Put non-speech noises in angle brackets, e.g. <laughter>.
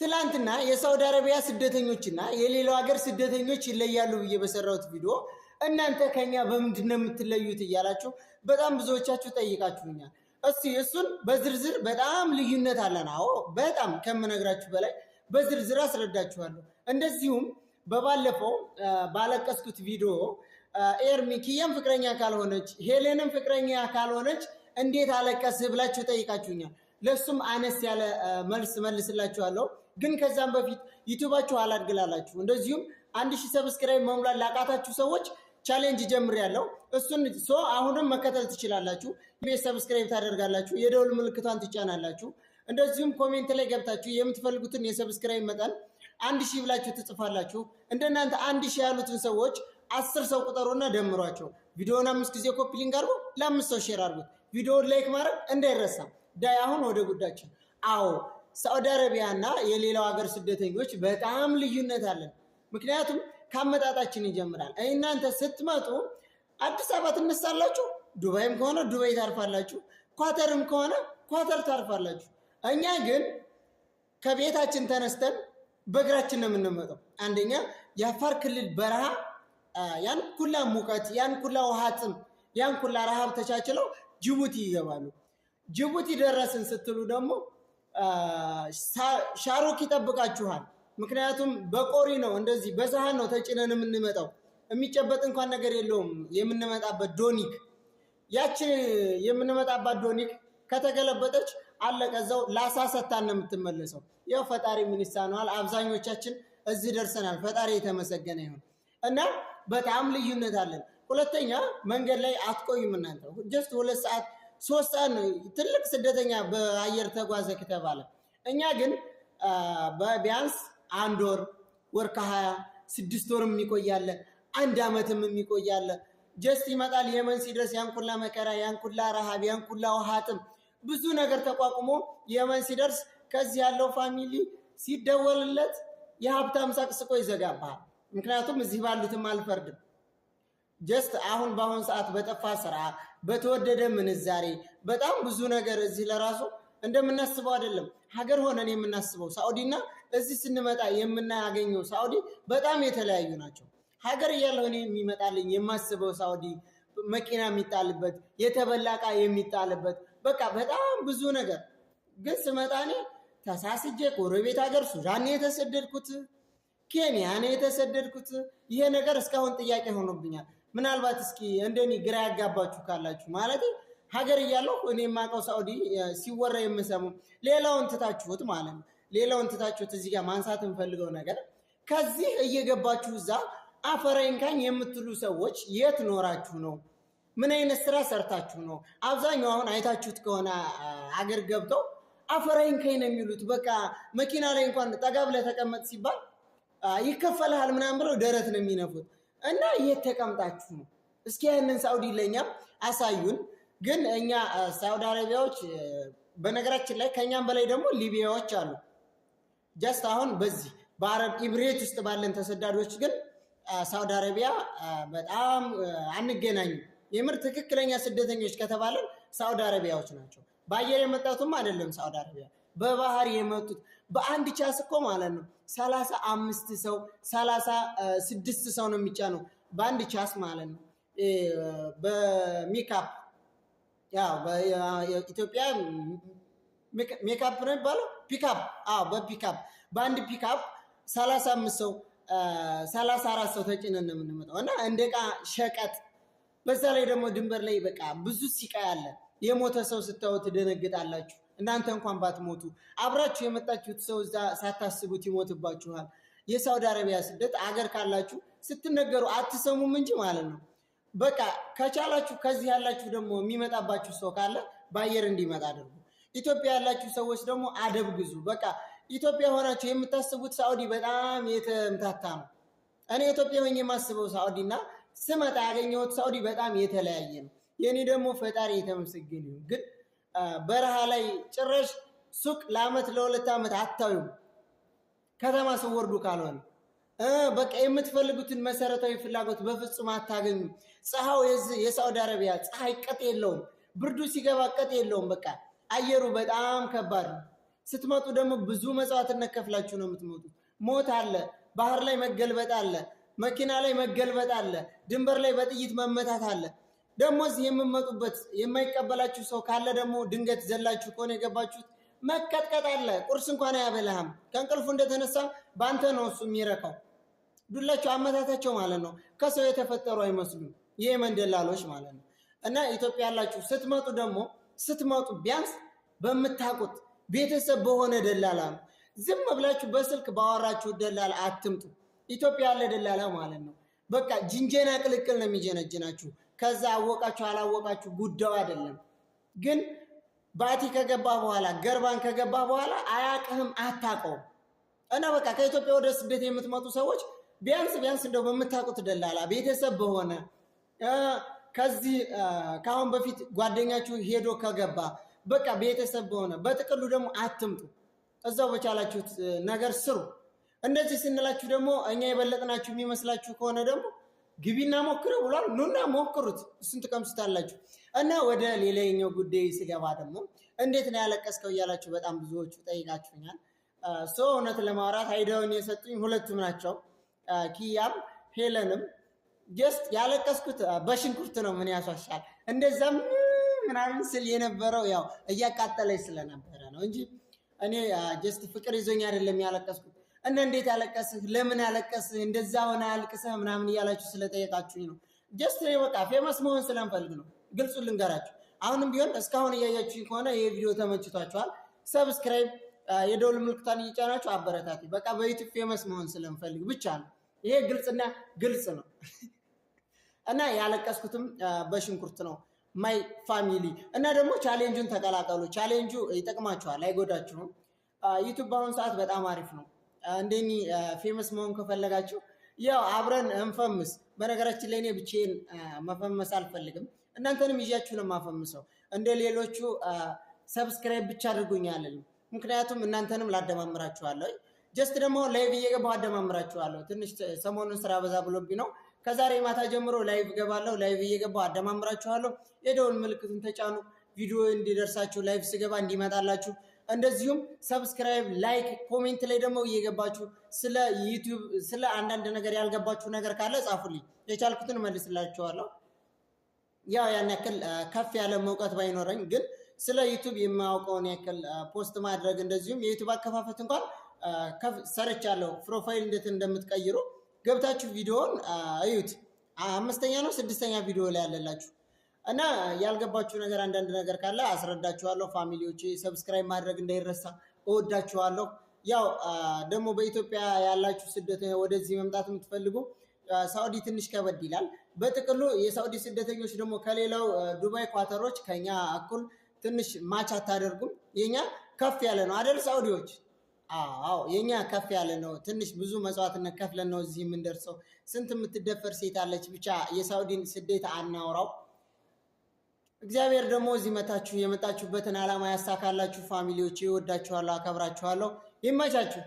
ትላንትና የሳውዲ አረቢያ ስደተኞችና የሌላው ሀገር ስደተኞች ይለያሉ ብዬ በሰራሁት ቪዲዮ እናንተ ከኛ በምንድን ነው የምትለዩት እያላችሁ በጣም ብዙዎቻችሁ ጠይቃችሁኛል። እስቲ እሱን በዝርዝር በጣም ልዩነት አለን። አዎ በጣም ከምነግራችሁ በላይ በዝርዝር አስረዳችኋለሁ። እንደዚሁም በባለፈው ባለቀስኩት ቪዲዮ ኤርሚ ኪያም ፍቅረኛ ካልሆነች ሄሌንም ፍቅረኛ ካልሆነች እንዴት አለቀስ ብላችሁ ጠይቃችሁኛል። ለሱም አነስ ያለ መልስ መልስላችኋለሁ። ግን ከዛም በፊት ዩቱባችሁ አላድግላላችሁ እንደዚሁም አንድ ሺህ ሰብስክራይብ መሙላት ላቃታችሁ ሰዎች ቻሌንጅ ጀምር ያለው እሱን ሶ አሁንም መከተል ትችላላችሁ። ቤት ሰብስክራይብ ታደርጋላችሁ፣ የደውል ምልክቷን ትጫናላችሁ። እንደዚሁም ኮሜንት ላይ ገብታችሁ የምትፈልጉትን የሰብስክራይብ መጠን አንድ ሺህ ብላችሁ ትጽፋላችሁ። እንደናንተ አንድ ሺህ ያሉትን ሰዎች አስር ሰው ቁጠሩና ደምሯቸው። ቪዲዮውን አምስት ጊዜ ኮፒ ሊንክ አድርጎ ለአምስት ሰው ሼር አድርጉት። ቪዲዮውን ላይክ ማድረግ እንዳይረሳ። ዳይ አሁን ወደ ጉዳችን አዎ ሳዑዲ እና የሌላው ሀገር ስደተኞች በጣም ልዩነት አለን። ምክንያቱም ከአመጣጣችን ይጀምራል። እናንተ ስትመጡ አዲስ አበባ ትነሳላችሁ፣ ዱባይም ከሆነ ዱባይ ታርፋላችሁ፣ ኳተርም ከሆነ ኳተር ታርፋላችሁ። እኛ ግን ከቤታችን ተነስተን በእግራችን ነው የምንመጣው። አንደኛ የአፋር ክልል በረሃ ያን ኩላ ሙቀት፣ ያን ኩላ ውሃ ጥም፣ ያን ኩላ ረሃብ ተቻችለው ጅቡቲ ይገባሉ። ጅቡቲ ደረስን ስትሉ ደግሞ ሻሮክ ይጠብቃችኋል። ምክንያቱም በቆሪ ነው እንደዚህ በሰሃን ነው ተጭነን የምንመጣው። የሚጨበጥ እንኳን ነገር የለውም። የምንመጣበት ዶኒክ ያችን የምንመጣባት ዶኒክ ከተገለበጠች አለቀ። እዛው ላሳ ሰታን ነው የምትመለሰው። ያው ፈጣሪ ምን ይሳነዋል? አብዛኞቻችን እዚህ ደርሰናል። ፈጣሪ የተመሰገነ ይሁን እና በጣም ልዩነት አለን። ሁለተኛ መንገድ ላይ አትቆዩም እናንተ ጀስት ሁለት ሰዓት ሶስት ቀን ትልቅ ስደተኛ በአየር ተጓዘ ከተባለ እኛ ግን ቢያንስ አንድ ወር ወር ከሀያ ስድስት ወርም የሚቆያለ አንድ ዓመትም የሚቆያለ ጀስት ይመጣል። የመን ሲደርስ ያንኩላ መከራ፣ ያንኩላ ረሃብ፣ ያንኩላ ውሃ ጥም ብዙ ነገር ተቋቁሞ የመን ሲደርስ ከዚህ ያለው ፋሚሊ ሲደወልለት የሀብታም ሳቅስቆ ይዘጋባሃል። ምክንያቱም እዚህ ባሉትም አልፈርድም። ጀስት አሁን በአሁን ሰዓት በጠፋ ስራ በተወደደ ምንዛሬ በጣም ብዙ ነገር እዚህ ለራሱ እንደምናስበው አይደለም። ሀገር ሆነን የምናስበው ሳዑዲና እዚህ ስንመጣ የምናገኘው ሳዑዲ በጣም የተለያዩ ናቸው። ሀገር እያለሁ እኔ የሚመጣልኝ የማስበው ሳዑዲ መኪና የሚጣልበት የተበላ ዕቃ የሚጣልበት በቃ በጣም ብዙ ነገር ግን ስመጣ እኔ ተሳስጄ ጎረቤት ሀገር ሱዳን የተሰደድኩት ኬንያ ነው የተሰደድኩት። ይሄ ነገር እስካሁን ጥያቄ ሆኖብኛል። ምናልባት እስኪ እንደኔ ግራ ያጋባችሁ ካላችሁ ማለት ሀገር እያለሁ እኔ የማውቀው ሳውዲ ሲወራ የምሰሙ ሌላውን ትታችሁት ማለት ነው። ሌላውን ትታችሁት እዚህ ጋር ማንሳት የምፈልገው ነገር ከዚህ እየገባችሁ እዛ አፈረንካኝ የምትሉ ሰዎች የት ኖራችሁ ነው? ምን አይነት ስራ ሰርታችሁ ነው? አብዛኛው አሁን አይታችሁት ከሆነ አገር ገብተው አፈረንካኝ ነው የሚሉት። በቃ መኪና ላይ እንኳን ጠጋ ብለህ ተቀመጥ ሲባል ይከፈልሃል ምናምን ብለው ደረት ነው የሚነፉት። እና የት ተቀምጣችሁ ነው? እስኪ ያንን ሳውዲ ለኛም አሳዩን። ግን እኛ ሳውዲ አረቢያዎች በነገራችን ላይ ከእኛም በላይ ደግሞ ሊቢያዎች አሉ። ጀስት አሁን በዚህ በአረብ ኢምሬት ውስጥ ባለን ተሰዳዶች ግን ሳውዲ አረቢያ በጣም አንገናኝም። የምር ትክክለኛ ስደተኞች ከተባለን ሳውዲ አረቢያዎች ናቸው። በአየር የመጣቱም አይደለም ሳውዲ አረቢያ በባህር የመጡት በአንድ ቻስ እኮ ማለት ነው ሰላሳ አምስት ሰው ሰላሳ ስድስት ሰው ነው የሚጫነው በአንድ ቻስ ማለት ነው። በሜካፕ ያው ኢትዮጵያ ሜካፕ ነው የሚባለው ፒካፕ፣ አዎ በፒካፕ በአንድ ፒካፕ ሰላሳ አምስት ሰው ሰላሳ አራት ሰው ተጭነን ነው የምንመጣው እና እንደ ዕቃ ሸቀጥ። በዛ ላይ ደግሞ ድንበር ላይ በቃ ብዙ ሲቃ ያለ የሞተ ሰው ስታዩት ትደነግጣላችሁ። እናንተ እንኳን ባትሞቱ አብራችሁ የመጣችሁት ሰው እዛ ሳታስቡት ይሞትባችኋል። የሳውዲ አረቢያ ስደት አገር ካላችሁ ስትነገሩ አትሰሙም እንጂ ማለት ነው። በቃ ከቻላችሁ ከዚህ ያላችሁ ደግሞ የሚመጣባችሁ ሰው ካለ በአየር እንዲመጣ አድርጉ። ኢትዮጵያ ያላችሁ ሰዎች ደግሞ አደብ ግዙ። በቃ ኢትዮጵያ ሆናችሁ የምታስቡት ሳኡዲ በጣም የተምታታ ነው። እኔ ኢትዮጵያ ሆኜ የማስበው ሳኡዲ እና ስመጣ ያገኘሁት ሳኡዲ በጣም የተለያየ ነው። የእኔ ደግሞ ፈጣሪ የተመሰገነ ይሁን ግን በረሃ ላይ ጭራሽ ሱቅ ለአመት ለሁለት ዓመት አታዩም። ከተማ ስወርዱ ካልሆነ በቃ የምትፈልጉትን መሰረታዊ ፍላጎት በፍጹም አታገኙ ፀሐው የሳውዲ አረቢያ ፀሐይ ቀጥ የለውም፣ ብርዱ ሲገባ ቀጥ የለውም። በቃ አየሩ በጣም ከባድ ነው። ስትመጡ ደግሞ ብዙ መጽዋዕትነት ከፍላችሁ ነው የምትመጡት። ሞት አለ፣ ባህር ላይ መገልበጥ አለ፣ መኪና ላይ መገልበጥ አለ፣ ድንበር ላይ በጥይት መመታት አለ። ደግሞ እዚህ የምመጡበት የማይቀበላችሁ ሰው ካለ ደግሞ ድንገት ዘላችሁ ከሆነ የገባችሁት መቀጥቀጥ አለ። ቁርስ እንኳን አያበላህም። ከእንቅልፉ እንደተነሳ በአንተ ነው እሱ የሚረካው። ዱላቸው አመታታቸው ማለት ነው። ከሰው የተፈጠሩ አይመስሉም። ይህ መንደላሎች ማለት ነው። እና ኢትዮጵያ ያላችሁ ስትመጡ ደግሞ ስትመጡ ቢያንስ በምታውቁት ቤተሰብ በሆነ ደላላ ነው። ዝም ብላችሁ በስልክ ባወራችሁ ደላላ አትምጡ። ኢትዮጵያ ያለ ደላላ ማለት ነው። በቃ ጅንጀና ቅልቅል ነው የሚጀነጅናችሁ። ከዛ አወቃችሁ አላወቃችሁ ጉዳዩ አይደለም። ግን ባቲ ከገባ በኋላ ገርባን ከገባ በኋላ አያቅህም፣ አታቀው እና በቃ ከኢትዮጵያ ወደ ስደት የምትመጡ ሰዎች ቢያንስ ቢያንስ እንደው በምታውቁት ደላላ ቤተሰብ በሆነ ከዚህ ከአሁን በፊት ጓደኛችሁ ሄዶ ከገባ በቃ ቤተሰብ በሆነ በጥቅሉ ደግሞ አትምጡ። እዛው በቻላችሁት ነገር ስሩ። እንደዚህ ስንላችሁ ደግሞ እኛ የበለጥናችሁ የሚመስላችሁ ከሆነ ደግሞ ግቢና ሞክረው ብሏል። ኑና ሞክሩት፣ እሱን ትቀምሱታላችሁ። እና ወደ ሌላኛው ጉዳይ ስገባ ደግሞ እንዴት ነው ያለቀስከው እያላችሁ በጣም ብዙዎቹ ጠይቃችሁኛል። ሶ እውነት ለማውራት አይዲያውን የሰጡኝ ሁለቱም ናቸው፣ ኪያም ሄለንም። ጀስት ያለቀስኩት በሽንኩርት ነው። ምን ያሷሻል እንደዛም ምናምን ስል የነበረው ያው እያቃጠለች ስለነበረ ነው እንጂ እኔ ጀስት ፍቅር ይዞኝ አይደለም ያለቀስኩት እና እንዴት ያለቀስህ ለምን ያለቀስህ እንደዛ ሆነ ያልቅስህ ምናምን እያላችሁ ስለጠየቃችሁኝ ነው። ጀስት በቃ ፌመስ መሆን ስለምፈልግ ነው። ግልጹ ልንገራችሁ። አሁንም ቢሆን እስካሁን እያያችሁ ከሆነ ይህ ቪዲዮ ተመችቷችኋል፣ ሰብስክራይብ፣ የደውል ምልክቷን እየጫናችሁ አበረታት። በቃ በዩቱብ ፌመስ መሆን ስለምፈልግ ብቻ ነው። ይሄ ግልጽና ግልጽ ነው። <laughs> እና ያለቀስኩትም በሽንኩርት ነው ማይ ፋሚሊ። እና ደግሞ ቻሌንጁን ተቀላቀሉ። ቻሌንጁ ይጠቅማችኋል፣ አይጎዳችሁም። ዩቱብ በአሁኑ ሰዓት በጣም አሪፍ ነው። እንደኔ ፌመስ መሆን ከፈለጋችሁ ያው አብረን እንፈምስ። በነገራችን ላይ እኔ ብቻዬን መፈመስ አልፈልግም፣ እናንተንም ይዣችሁ ነው የማፈምሰው። እንደ ሌሎቹ ሰብስክራይብ ብቻ አድርጉኛለን፣ ምክንያቱም እናንተንም ላደማምራችኋለሁ። ጀስት ደግሞ ላይቭ እየገባሁ አደማምራችኋለሁ። ትንሽ ሰሞኑን ስራ በዛ ብሎብኝ ነው። ከዛሬ ማታ ጀምሮ ላይቭ እገባለሁ። ላይቭ እየገባሁ አደማምራችኋለሁ። የደውል ምልክቱን ተጫኑ፣ ቪዲዮ እንዲደርሳችሁ፣ ላይቭ ስገባ እንዲመጣላችሁ እንደዚሁም ሰብስክራይብ፣ ላይክ፣ ኮሜንት ላይ ደግሞ እየገባችሁ ስለ ዩቲዩብ ስለ አንዳንድ ነገር ያልገባችሁ ነገር ካለ ጻፉልኝ፣ የቻልኩትን መልስላችኋለሁ። ያው ያን ያክል ከፍ ያለ መውቀት ባይኖረኝ ግን ስለ ዩቱብ የማያውቀውን ያክል ፖስት ማድረግ እንደዚሁም የዩቱብ አከፋፈት እንኳን ሰርቻለሁ። ፕሮፋይል እንዴት እንደምትቀይሩ ገብታችሁ ቪዲዮውን እዩት። አምስተኛ ነው ስድስተኛ ቪዲዮ ላይ ያለላችሁ እና ያልገባችሁ ነገር አንዳንድ ነገር ካለ አስረዳችኋለሁ። ፋሚሊዎች ሰብስክራይብ ማድረግ እንዳይረሳ፣ እወዳችኋለሁ። ያው ደግሞ በኢትዮጵያ ያላችሁ ስደተ ወደዚህ መምጣት የምትፈልጉ ሳውዲ ትንሽ ከበድ ይላል። በጥቅሉ የሳውዲ ስደተኞች ደግሞ ከሌላው ዱባይ፣ ኳተሮች ከኛ እኩል ትንሽ ማች አታደርጉም። የኛ ከፍ ያለ ነው አደል ሳኡዲዎች? አዎ የኛ ከፍ ያለ ነው። ትንሽ ብዙ መስዋዕትነት ከፍለን ነው እዚህ የምንደርሰው። ስንት የምትደፈር ሴት አለች። ብቻ የሳኡዲን ስደት አናውራው። እግዚአብሔር ደግሞ እዚህ መታችሁ የመጣችሁበትን ዓላማ ያሳካላችሁ። ፋሚሊዎች ወዳችኋለሁ፣ አከብራችኋለሁ። ይመቻችሁ።